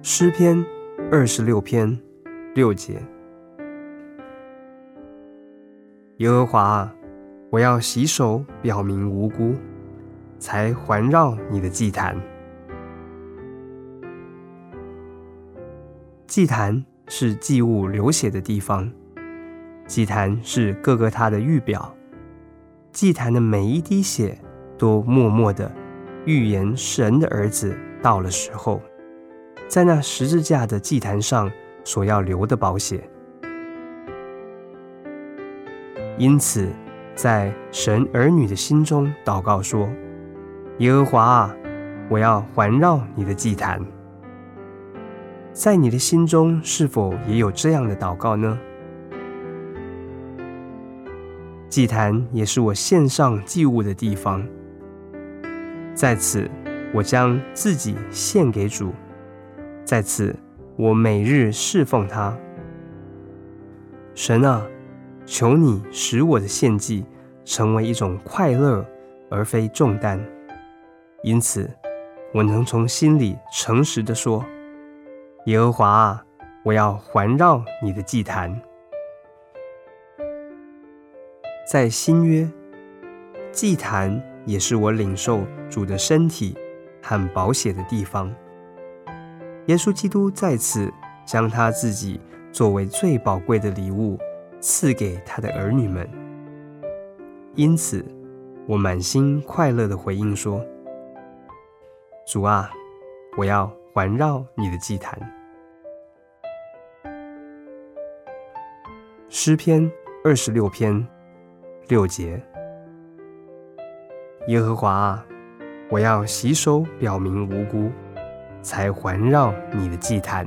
詩篇二十六篇六節，耶和華啊，我要洗手，表明無辜，才環繞你的祭壇。祭壇是祭物流血的地方，祭壇是各各他的預表，祭壇的每一滴血都默默的預言神的兒子到了時候。在那十字架的祭壇上所要流的寶血，因此，在神兒女的心中禱告說：“耶和華啊，我要環繞你的祭壇，在你的心中是否也有這樣的禱告呢？祭壇也是我獻上祭物的地方，在此我將自己獻給主。”在此，我每日侍奉他。神啊，求你使我的獻祭成為一種快樂，而非重擔。因此，我能從心裡誠實地說：耶和華啊，我要環繞你的祭壇。在新約，祭壇也是我領受主的身體和寶血的地方。耶穌基督再次將他自己作為最寶貴的禮物賜給他的兒女們。因此，我滿心快樂地回應說：“主啊，我要環繞你的祭壇。”詩篇二十六篇六節：“耶和華啊，我要洗手表明無辜。”才環繞你的祭壇。